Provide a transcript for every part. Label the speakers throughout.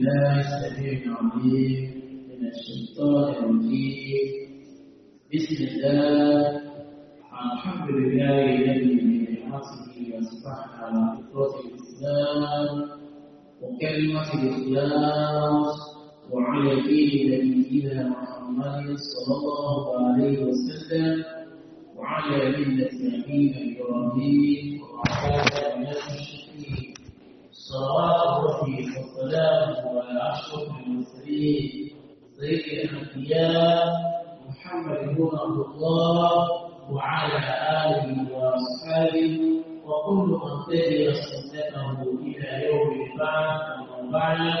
Speaker 1: بالله السميع العليم من الشيطان الرجيم بسم الله الحمد لله الذي من بنعمته اصبحنا على فطره الاسلام وكلمه الاخلاص وعلى دين نبينا محمد صلى الله عليه وسلم وعلى مله نبينا ابراهيم وعلى اله وصحبه صلوات ربي وسلامه أشرف المرسلين سيد الأنبياء محمد بن عبد الله وعلى آله وأصحابه وكل من تبع سنته إلى يوم البعث أما بعد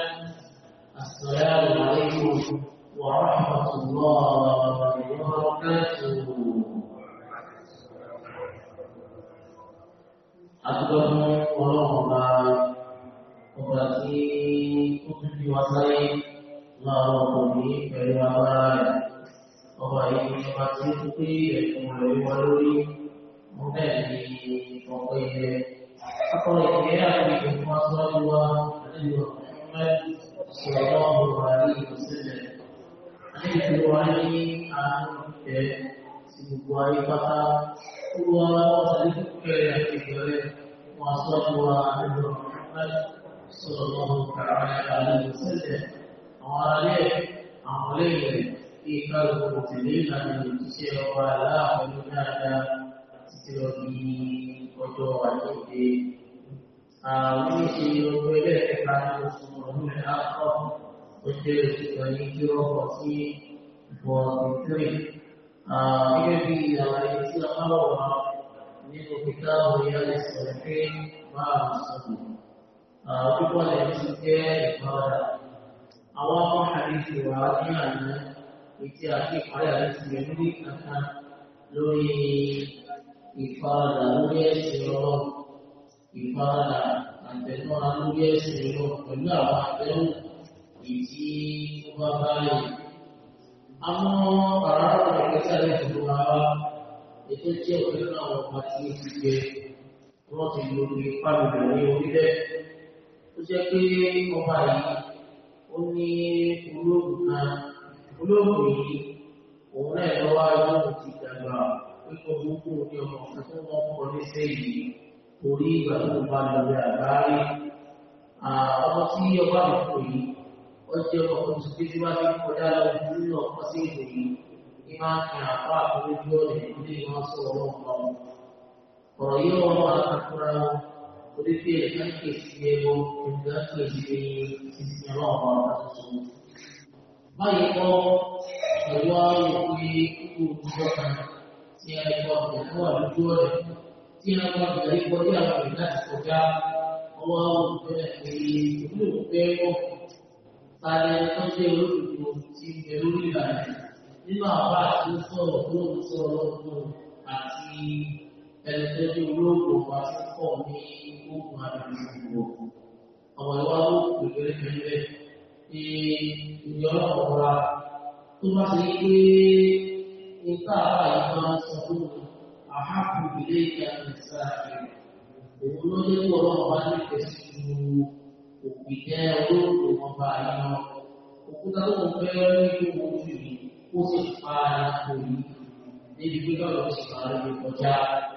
Speaker 1: السلام عليكم ورحمة الله وبركاته أكبر ورحمة operasi untuk diwasai lalu dari lawan Obai operasi bukti dan kemudian waluri mungkin di pokoknya apa yang dia di kuasa dua ada dua Muhammad Sallallahu Alaihi Wasallam ada kedua ini aku ke sebuah kata dua tadi ke yang tiga kuasa dua ada dua Muhammad صلى الله تعالى عليه وسلم وعليه عليه في قلب مسلما من تشير ولا حلنا تشير به وجوه الجد àwọn ìṣe owó ẹlẹ́ẹ̀kẹta ní oṣù ọdún mẹ́ta kọ́ ó jẹ́ oṣù kan ní kí ó pọ̀ sí bọ̀ọ̀dù tírì gẹ́gẹ́ bí àlàyé tí a máa wà nínú pẹ̀lú àwọn ìyá ẹ̀sìn pé máa sọ̀rọ̀ púpọ̀ lẹ́yìn sí jẹ́ ẹ̀kọ́ ọ̀rọ̀ àwọn ọmọ àdìsí wà ní àná ìtì àti ìpàdé àdìsí ẹ̀mú ní kankan lórí ìfaradà lórí ẹ̀sìn ọ̀rọ̀ ìfaradà àtẹnumọ́ lórí ẹ̀sìn ọ̀rọ̀ pẹ̀lú àwọn àtẹ̀wò ìtì ó bá báyìí. Àwọn ọ̀rọ̀ àwọn ìgbésẹ̀ lè dùn wá wá ètò jẹ́ òfin náà wọ́n ti ń fi wọ́n ti lo ipá ní orílẹ̀-èdè tó jẹ́ pé ọba yìí ó ní olóògùn kan olóògùn yìí òun náà lọ wá lóògùn ti dàgbà pé kò gbogbo ní ọmọ kan tó wọ́n kọ ní sẹ́yìn torí ìgbà tó bá lọ́wọ́ àgbáyé ọmọ tí ọba yìí kò yìí ó jẹ́ ọmọ kan tó ti wá sí kọjá lọ nínú ọkọ sí ìgbò yìí ní máa ń fi àpá àkókò ojú ọ̀rẹ́ nílé ìwọ̀n sọ̀rọ̀
Speaker 2: ọ̀rọ̀ yìí wọ́n máa ń
Speaker 1: kúra torí pé ẹ̀ka kèsì ẹ̀wọ̀ ẹ̀ka kèsì ìsìn ọlọ́ọ̀bà àtúntò. báyìí kọ́ ẹ̀wọ́ òkè kúkú òkúkọ kan tí a lè kọ́ ẹ̀kọ́ àdúgbò rẹ̀ tí a kọ́ ìgbàlè kọjú àwọn ìlú láti kọjá ọwọ́ òkè ìlú òkè ẹ̀wọ̀ tààrẹ tó jẹ́ olóòtú ti bẹ̀ lórí ìlànà nínú àwọn àti sọ̀rọ̀ ẹni tó jẹ́ olóògùn wa tó pọ̀ ní ogun àdúgbò ọmọ ìwà ló kù lórílẹ̀ ní ìyọ́nà ọ̀rá tó bá ṣe pé nípa àbá yìí máa ń sọ fún àhápù ilé ìyá ìsá rẹ̀ òun ló ní kó ọlọ́run bá ní ìfẹ̀sí ju òkùnkẹ́ olóògùn ọba yìí òkúta tó fẹ́ ní kó o jù yìí ó sì pa ara yìí níbi pé lọ́dọ̀ ti máa ń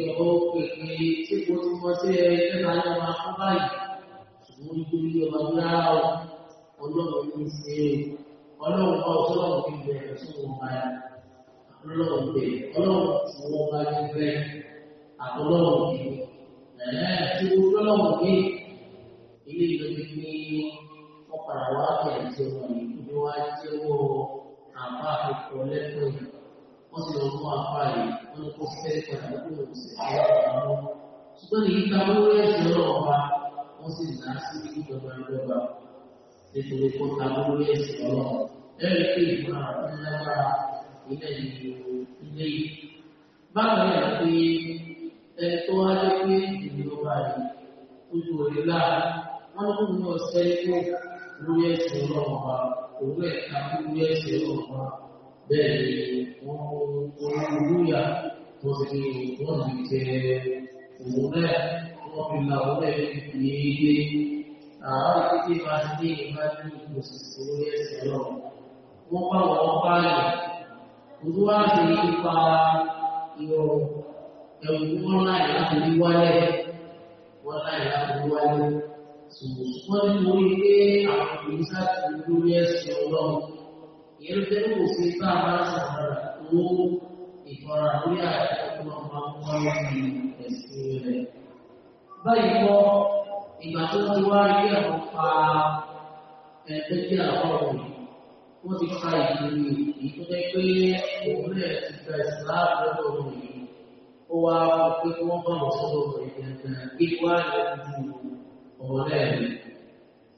Speaker 1: ìrọ̀ pèpè tí mo ti mọ sí ẹ nígbà yẹn máa fún báyìí ṣùgbọ́n nítorí ọmọ náà ọlọ́run ní ṣe ọlọ́run bá ọsọ́rọ̀ ní bẹ̀rẹ̀ fún wọn báyà ọlọ́run bẹ̀rẹ̀ ọlọ́run tí wọ́n bá ní bẹ́ẹ̀ àtọ́lọ́run ní ẹ̀ẹ́ tí ó lọ́lọ́run ní ilé ìlọ́dún ní wọ́n padà wá bẹ̀rẹ̀ tí wọ́n yìí wọ́n á jẹ́wọ́ wọ́n não consegue fazer tudo isso. Então, então, não é Jeová, ou se nasce de Jeová e Jeová. Depois, contar não é Jeová. É que irmã, ela ilé ìlú ilé yìí. Bákan náà pé ẹni tó wá jẹ́ pé ìlú yìí ojú òde láà wọ́n ló kún ní ọ̀sẹ̀ tó lórí ẹ̀sìn ọlọ́run ọba òun ẹ̀ka lórí ẹ̀sìn ọlọ́run ọba bẹ́ẹ̀ ni wọ́n olúyà tó fi wọ́n ti jẹ òun náà wọ́n fi là wọ́n lẹ̀ ní ilé àwọn títí máa ń ní ìmájú òṣìṣẹ́ lórí ẹsẹ̀ náà wọ́n bá wọn báyìí òun wá sí ipa ìwọ̀ ẹ̀wù wọn láì láti rí wálẹ̀ wọn láì láti rí wálẹ̀ ṣùgbọ́n wọ́n ní orí pé àwọn ìgbésà tó lórí ẹsẹ̀ ọlọ́run ìyẹn ló tẹ́lú òfin bá a bá sọ̀rọ̀ owó ìkọ̀ra lórí àìsàn ọmọ wáyé ẹ̀sìn rẹ̀. báyìí kọ́ ìgbà tó ti wá rí àwọn pa ẹgbẹ́ tí àwọn ọ̀rọ̀ wọ́n ti fa ìlú èyí tó jẹ́ pé òun náà ti gba ìsìláàmù lọ́dọ̀ ọ̀rọ̀ yìí ó wá wọ pé kí wọ́n bá wọ́n sọ́dọ̀ ọ̀rọ̀ yìí dandan kí wọ́n á lọ ju ọ̀rọ̀ náà rí.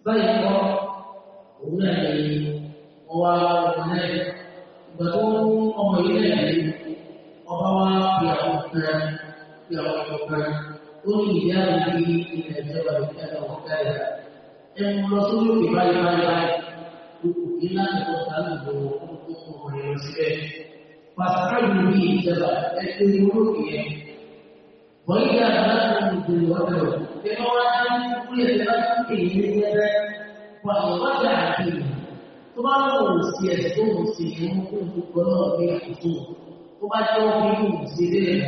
Speaker 1: báyìí kọ́ òun náà ní ọwá ọ̀nẹ́ ìgbà tó ń ọmọ ilé ẹ̀rí ọba wá fi àwọn ọ̀pẹ̀rẹ̀ fi àwọn ọ̀pẹ̀rẹ̀ ó ní ìyá ìdí ilẹ̀ ìjọba ìjọba ọ̀pẹ̀rẹ̀ ẹ̀ ń lọ sórí òkè báyìí báyìí báyìí kò ní láti lọ sàlùbọ̀ ọkọ̀ rẹ̀ síbẹ̀ pàtàkì ní ìjọba ẹ̀ wọ́n ní kúlẹ̀ láti kéde ní ẹgbẹ́ wà wọ́n tó bá lọ́wọ́ òun sí ẹ̀sẹ̀ tó òun sí ìrún kó gbogbo náà ní àkókò tó bá jẹ́ òun ní òun sí ilé rẹ̀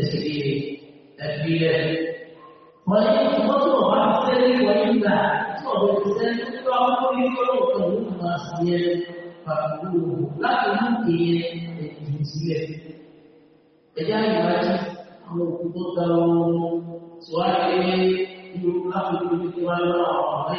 Speaker 1: ẹ̀sẹ̀ lè ẹ̀fí rẹ̀.
Speaker 2: wọ́n ní wọ́n tó wọ́n bá ti sẹ́lẹ̀ wọ́n ní gbà tí wọ́n bẹ̀rẹ̀ ti sẹ́lẹ̀
Speaker 1: tó bá wọ́n kó ní kọ́lọ́ ọ̀tọ̀ òun máa sí ẹ pàtó láti mú ìyẹn ẹ̀jù sílẹ̀.
Speaker 2: ẹ̀já ìwádìí
Speaker 1: àwọn òkú tó ga ọ̀run tó wá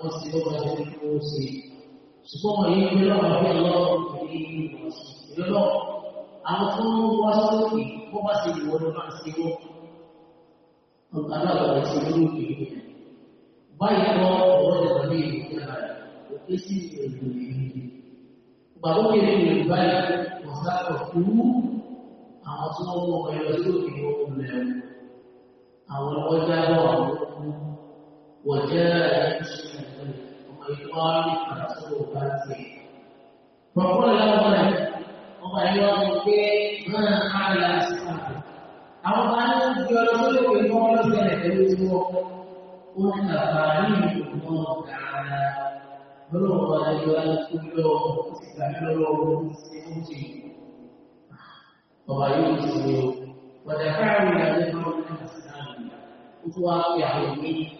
Speaker 1: wọ́n sì ló máa ṣe kó ṣe. ṣùgbọ́n wọ́n yìí gbé lọ́wọ́ bí ọlọ́run ní í ìlú náà. àwọn tó ń wá sókè bó bá ṣe ìwọ ló máa ṣe wọ́n. ọ̀gá náà ṣe lórí òkè yìí. báyìí kọ́ ọ̀rọ̀ ìjọba ní ìlú ìjọba òkè sí ìlú ìlú. bàbá àwọn tí wọ́n mú ọmọ ẹlọ sókè ohun lẹ́wọ̀n àwọn ọjà bọ̀ wọ́n jẹ́ ẹ̀ṣin ìkọ́ni àtúntò bá ti. Bọ̀kọ́ lọ́wọ́ rẹ̀, ọmọ ẹ̀yọ́ ọmọ pé máa ká lè àṣìkò. Àwọn bá ní ti ọlọ́wọ́ lè pè fún ọlọ́sẹ̀ rẹ̀ pẹ̀lú tí wọ́n ó ní àbáyé ìlú náà dáadáa. Lọ́wọ́ ayọ̀ aláṣọ lọ́wọ́ ìgbà lọ́wọ́ ṣe ń ṣe. Ọba yóò ṣe o. Wọ̀dà káàrin àlejò ọ̀gbìn àti àmì. Ó tún wá pé àwọn ènìyàn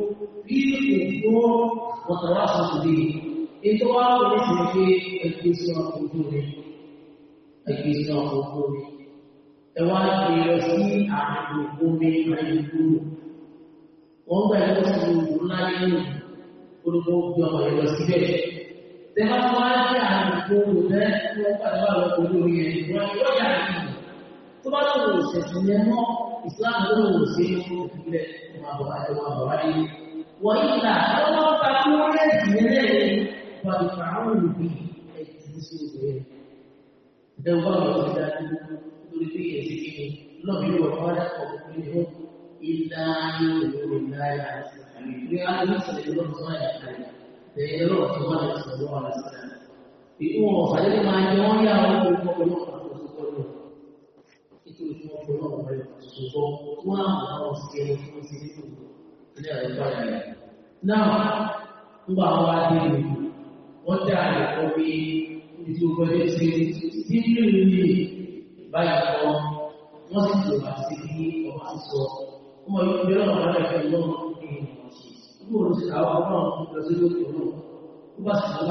Speaker 1: يكفوا وتواصوا به انتوا مثل في الكسوة قبوله الكسوة قبوله تواصل يوسي عن قبوله عن قبوله wọ́n gbà yóò sì wù ńlá nínú olùkọ́ gbé ọmọ ìlọ síbẹ̀. Tẹ́lá wá sí àwọn òkú rẹ̀ tí wọ́n pàdé wà lọ́kọ̀ lórí ẹ̀ wọ́n yóò yà á nìyí. Tó bá lọ́wọ́ òṣèṣin yẹn mọ́, ìsìláàmù ló wò sí ní fún ìpínlẹ̀ ìmọ̀ àbọ̀ àti ìwà àbọ̀ wáyé. وإلا فلو تكون زينين فالفعول به التسوء دوار الزاد تريد يسكين لم يوحد قبله إلا أن يؤمن بالله عز وجل يعني يصل إلى الله يعني ديرو الله صلى الله عليه وسلم يقوم خليل ما يوم يوم يقوم يوم itu semua belum berlaku. Semua orang mesti mesti itu. ní ẹ̀tọ́ rẹ̀.
Speaker 2: Náà, ńgbà wọn wá dé ìlú,
Speaker 1: wọ́n dá bí báyìí kọ́, wọ́n sì sí bí ọba ti sọ. wọn lọ́wọ́ ní Ó àwọn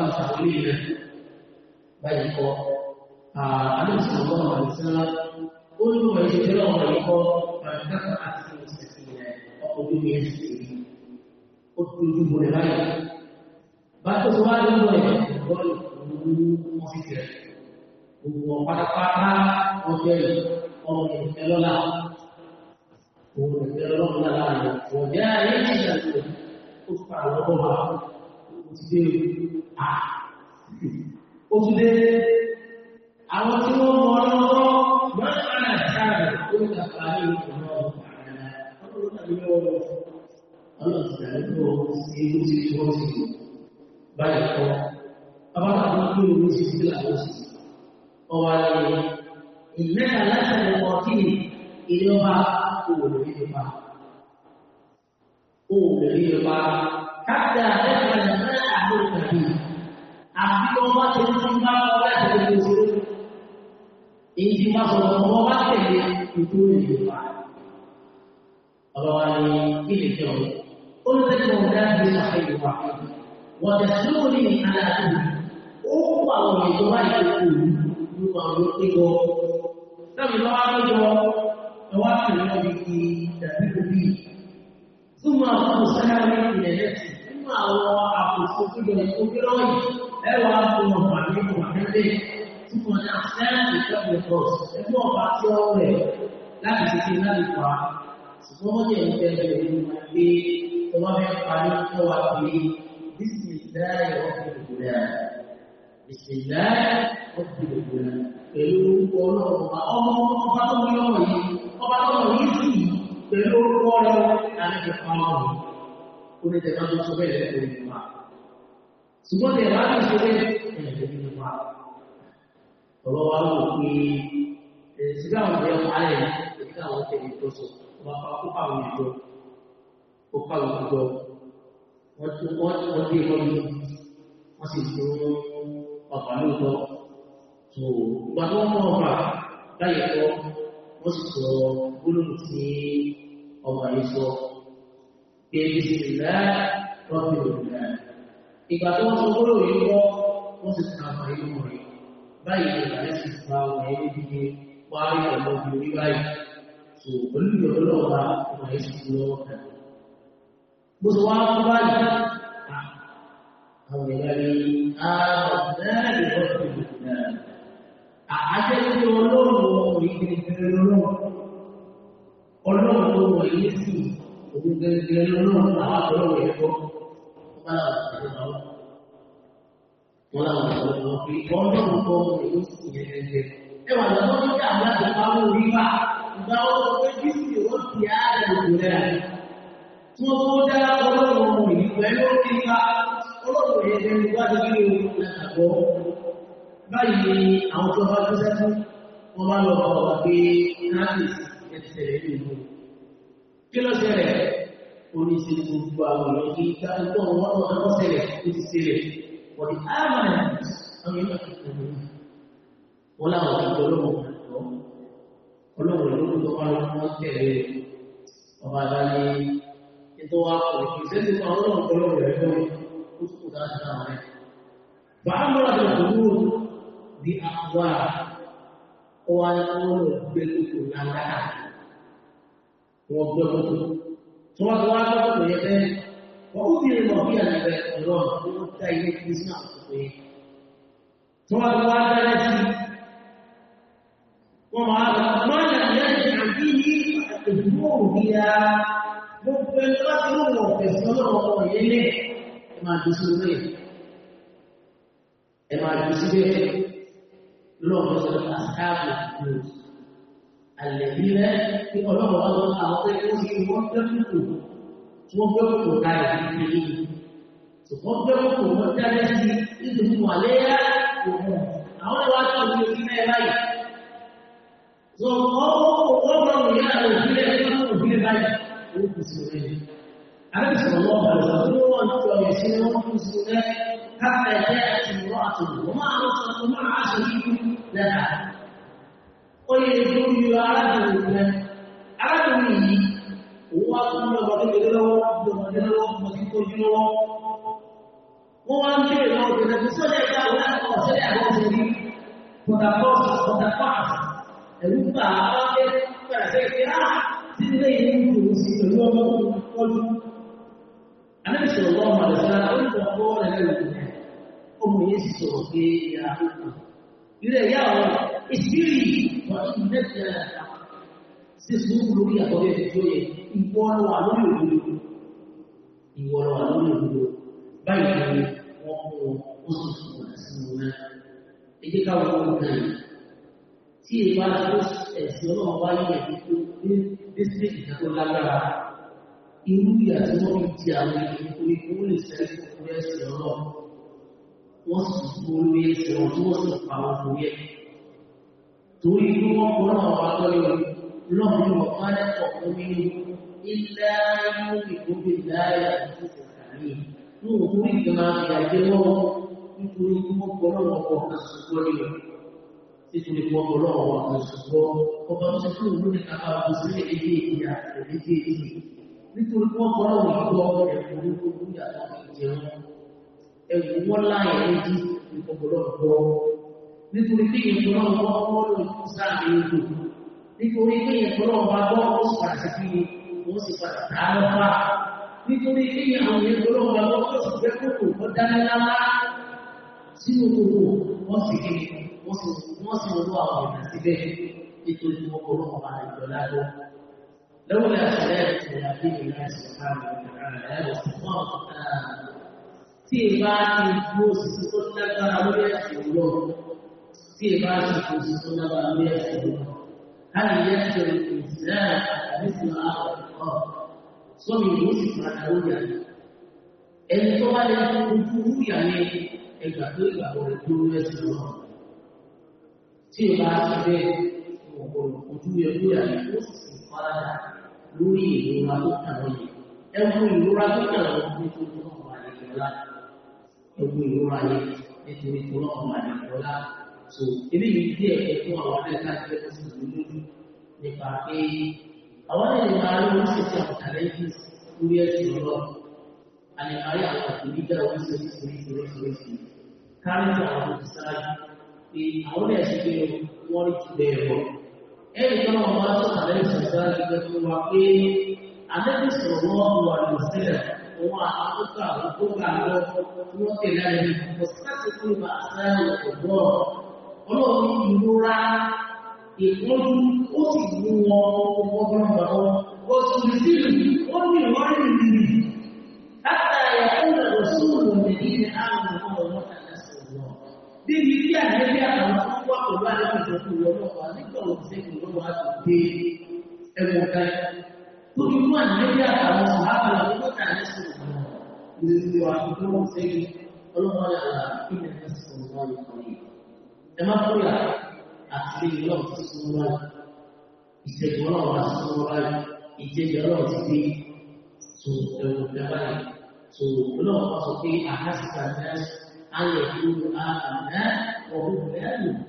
Speaker 1: ọmọ ó tún ojú bo rẹ̀ báyìí
Speaker 2: bá tó tó wá lọ́dọ̀ ẹ̀ lọ́dọ̀
Speaker 1: òun ọ́fíìsì rẹ̀ gbogbo pátápátá ọjọ́ yìí ọmọ ìfẹ́ lọ́la òun ìfẹ́ lọ́la láàrin ọ̀jẹ́ ayé ìṣẹ̀lẹ̀ ó fà lọ́wọ́ wa ó ti dé a ó tún dé
Speaker 2: àwọn tí wọ́n mọ ọlọ́wọ́ máa ń rà sáà ó ń tàpá ní
Speaker 1: ìlú ọ̀rọ̀ ọ̀rọ̀ ọ̀rọ̀ Allah Taala itu itu itu itu banyak kok. Apa aku itu mesti jelas. Awalnya inna la tanqati ilaha ulilma. Ulilma kada kana ma ahlul nabi. Aku mau terima oleh dari suruh. Ini masuk mau pakai itu ulilma. Awalnya ini jauh
Speaker 2: قلت لكم كان في صحيح
Speaker 1: واحد وتسلوني على أن أقوى من دواء الأم يقوم يقوم سمي الله عز وجل توافق النبي تبيك بي ثم أخذ سلامي إلى نفسي ثم الله أخذ سكي بالكبيرون أو أخذ مفعلين وحده ثم نحسان بكبل الفرص ثم أخذ سوى لا تسكي ذلك سبحانه وتعالى وما يفعل توكلي بسم الله رب الغلام بسم الله رب الغلام pẹ̀lú orúkọ ọlọ́run ọmọ ọba tó ní ọmọ yìí ọba tó ní ọmọ yìí sì pẹ̀lú orúkọ ọlọ́run láti fi pa ọrùn ó ní tẹ̀ka tó sọ bẹ́ẹ̀ lẹ́kọ̀ọ́ ìlú wa ṣùgbọ́n tẹ̀ bá ti sọ bẹ́ẹ̀ ẹ̀jẹ̀ nínú wa ọ̀rọ̀ ó kọ́ àwọn wọ́n tún wọ́n dé wọ́n ní wọ́n sì tún ọ̀pá lóòótọ́ tó gbà tó mọ́ ọba láyé wọ́n sì sọ gbólóhùn tí ọmọ yìí sọ pé bisimilá rọ́bì òmìnira ìgbà tó wọ́n sọ gbólóhùn yìí wọ́ wọ́n sì tún àwọn ìlú rẹ̀ báyìí ni ìbàlẹ̀ sì fa àwọn ẹni bí i wáyé ọ̀lọ́bì orí báyìí tó olùyọ̀ ọlọ́ọ̀bá ọmọ yìí lọ́wọ́ bó ti wá kú báyìí àwọn èèyàn rí ààrẹ ah, ìfọ́sọ̀rọ̀ náà àájẹ́ tí ọlọ́run ọkùnrin gẹ̀gẹ̀rẹ̀ lọ́wọ́ ọlọ́run tó wọ̀ yé sí òun gẹ̀gẹ̀rẹ̀ lọ́wọ́ àwọn àtọ́lọ́wọ̀ ẹ̀kọ́ wọn láwọn àtọ́lọ́wọ́ wọn láwọn àtọ́lọ́wọ́ pé ọlọ́run tí wọ́n tó dá ọlọ́run ọmọ pẹ̀lú nípa ọlọ́run yẹn lẹ́nu wájú bí o látàgbọ́. Báyìí ni àwọn tó bá tó sẹ́kù, wọ́n bá lọ bọ̀ pé Nazis ẹsẹ̀ ìlú ọlọ́run ló ń tọ́ka lọ́wọ́ tẹ̀lé ọba adáyé ètò àwọn ìṣẹ́sí àwọn ọ̀pọ̀lọ̀ rẹ̀ lọ ó kò dáadáa rẹ̀. bá tó di àwọn ọwọ́ ayélujára gbé kòtò lágbára wọ́n gbé kòtò tí wọ́n wá gbé kòtò yẹn fẹ́ wọ́n ó bìrì mọ̀ bí àlẹ́ ẹ̀rọ ó dá ilé kìí sí àwọn kòtò ẹni tó bá ti mú wọn tẹ̀sí ọlọ́run ọmọ yẹn lé ẹ máa dùn sí orí
Speaker 2: ẹ máa dùn sí bẹ́ẹ̀
Speaker 1: lọ́wọ́ sọ àṣàbò lò àlẹ́bí rẹ kí ọlọ́run ọmọ àwọn tó ń fi wọ́n gbé kòkò tí wọ́n gbé kòkò المسلمين على صلى الله عليه وسلم هو يسيرهم مسلمين حتى جاءت امرأة وما أرسلت مع àwọn ọ̀sẹ̀ tí ilé ilé ń sí pẹ̀lú ọmọ tó ń kọlu. ọmọ rẹ̀ Ọmọ yẹn sì sọ̀rọ̀ Báyìí wọ́n mú wọn, ó fún wọn náà. Ẹ jẹ́ ká náà tí ìbá tó ẹ̀sìn ọlọ́run wá ní ẹ̀dínkù ní district ìdájọ́ lágbára irú ìyà tí wọ́n fi di àwọn ìdínkù ní kó lè sẹ́rí fún ẹ̀sìn ọlọ́run wọ́n sì kó lórí ẹ̀sìn ọ̀rọ̀ tí wọ́n sì pa àwọn ọmọ yẹn torí irú wọn kọ́ náà wà lọ́yọ̀ lọ́run ní wọ́n máa ń tọ̀kọ́ nínú ilé ayélujára ìgbóbi láyà àti ìsìnkàní ní òun ní ìgbà àjẹmọ́ nítorí wọ́n kọ́ náà wọ́n títí ní gbogbo lọ́wọ́ àṣùgbọ́n ọba tó kú ìlú ní àbábọ̀ sílẹ̀ ilé ìyá ìrèké ìlú nítorí wọ́n gbọ́dọ̀ wọ́n gbọ́ ẹ̀kọ́ ní gbogbo ìyàtọ̀ ìjẹun ẹ̀wù wọ́n láyé lójú ní gbogbo lọ́wọ́ nítorí pé ìgbọ́n wọn wọ́n lò sáàmì ìlú nítorí pé ìgbọ́n wọn bá gbọ́ ó sì padà sí kí wọ́n sì padà tá a lọ́fà nítorí pé àwọn ìgbọ́n wọn ó sì gbẹ́ kókò wọ́n sínú gbogbo wọ́n sì wọ́n sì wọ́n àwọn ọ̀nà síbẹ̀ nítorí wọn kọ́ lọ́wọ́ máa yọ lábọ́. lọ́wọ́ yà sẹ́lẹ̀ tó yà bí mi náà sì máa lọ ìrànlẹ́ ẹ̀rọ ṣùgbọ́n
Speaker 2: tí ì bá ti gbó òṣìṣẹ́ tó lágbára lórí
Speaker 1: ẹ̀sìn lọ tí ì bá ti gbó òṣìṣẹ́ ẹni tó bá lè ojú rúyà ní ẹgbàá tó ìgbàgbọ́ rẹ̀ tó tí ìbá ti bẹ́ẹ̀ ọ̀pọ̀lọpọ̀ ojú ẹgbẹ́ ìyàrí ó sì sì farada lórí ìrora tó kàn wọ́n yìí ẹgbẹ́ ìrora tó kàn wọ́n nítorí tó náà wà ní ìrọ̀lá ẹgbẹ́ ìrora yẹn nítorí tó náà wà ní ìrọ̀lá so eléyìí díẹ̀ kẹ́ fún àwọn ẹ̀ka tí wọ́n sì lè lójú nípa pé àwọn ẹ̀yìn máa ń lọ ti àwọn lórí ẹ̀sìn ọlọ́ àlẹ́kárí àwọn àtòlídà oríṣiríṣi pé àwọn ẹ̀sìn pé wọ́n ti bẹ̀rẹ̀ bọ̀. ẹnì kan náà máa sọ àlẹ́bí sọ̀rọ̀ nípa tó wà pé àlẹ́bí sọ̀rọ̀ wọn wà lọ sílẹ̀ òun àkókò àkókò àlọ́ tí wọ́n tẹ̀lé àlẹ́bí kò sáàtì fún ìgbà àṣàyàn ọ̀gbọ́ ọlọ́run ìrora ìpọ́njú ó sì mú wọn ọmọ bí wọn bá wọn ó sì sí wọn ní ìwádìí látàrí débi tí àlẹ́bí àtàwọn tó wà pẹ̀lú aláwùjọ tó wọ lọ́wọ́ nígbà òṣèlú lọ́wọ́ àti dé ẹ̀wọ̀n kan tó ní fún àlẹ́bí àtàwọn sàbàbà lọ́wọ́ tà ní sọ̀rọ̀ lórí àti tó wọ́n sẹ́yìn ọlọ́wọ́ yàrá kí ni ẹ̀ sọ̀rọ̀ wọn lọ́wọ́ yìí ẹ má kó yà àti ìlọ́ọ̀ tó sọ̀rọ̀ wọn ìṣẹ̀dùn ọlọ́wọ́ àti sọ̀rọ̀ wọn ìjẹ̀jẹ̀ ọlọ́wọ́ ti dé so ẹ̀wọ̀n kan báyìí so ọlọ́wọ́ sọ pé àhásìkà náà an yaqulu amanna wa hum la yu'minun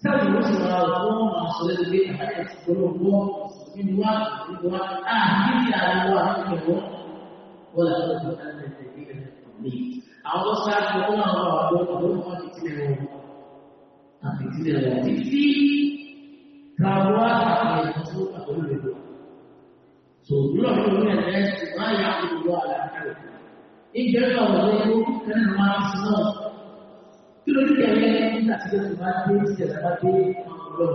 Speaker 1: ti máa wọ́n máa sọ lẹ́nu pé àbájá ti gbọ́dọ̀ wọ́n nínú wa nínú wa àbí ti àwọn nínú wọn wọ́n là lọ́dọ̀ tó dáná ẹ̀jẹ̀ bí rẹ̀ mi. àwọn tó sáájú wọn máa wọ àwọn ọ̀dọ́ wọn fi tilẹ̀ wọn àfi tilẹ̀ wọn títí káwọn àti ẹ̀jẹ̀ tó àbọ̀lù rẹ̀. Injil Allah itu kan masno. Kalau kita yang kita sudah mati, sudah mati, Allah.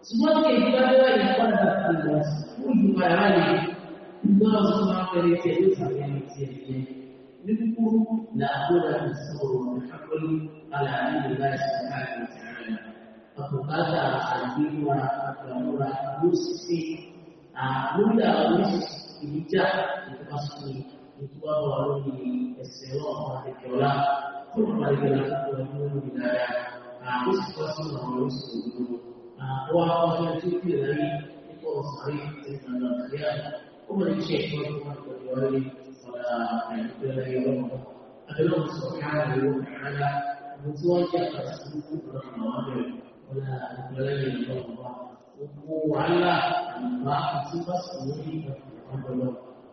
Speaker 2: Semua kita adalah yang pada Allah. Ujung hari, Allah semua
Speaker 1: dari jadi sampai jadi. nakulah disuruh, hakul ala Allah Subhanahu Wa Taala. Aku kata sandiwa agama musik, ah muda musik bijak itu maksudnya. ìtura wà lórí ẹsẹ̀ ọlọ́run àtẹ̀kẹ́ọ́lá tó ń bá ìgbẹ́ láti lọ ní orí dáadáa
Speaker 2: àwọn òṣìṣẹ́ sí àwọn olóṣèlú
Speaker 1: gbogbo àwọn àwọn ọmọ tí ó kì í láyé nípa ọ̀sán àti ìlànà àríyá ó mọ̀ ní ṣe ìfọ́ tó máa tẹ̀lé wáyé ọ̀la àìpẹ́ láyé ọlọ́run abẹ́lẹ́ ọ̀sán káàdì owó kàrádá àwọn tí wọ́n jẹ́ àkàtúntò kúkúrú àwọn ọ̀rẹ́ ọ̀la àìpẹ́ láyé ọlọ́run gbogbo wàhálà àmọ́ àti bá sọ̀rọ̀ nípa ọ̀pọ̀lọpọ̀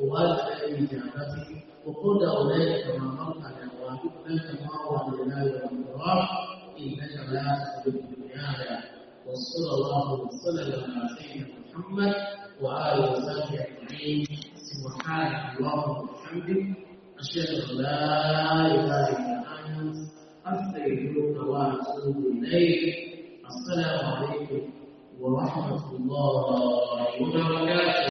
Speaker 1: وقل اولئك من خلق واحبك ما هو لله والقران انك لا تسلك دنيانا وصلى الله وسلم على سيدنا محمد وآله وصحبه أجمعين سبحانك اللهم وبحمدك أشهد أن لا إله إلا أنت أستغفرك وأتوب إليك السلام عليكم ورحمة الله وبركاته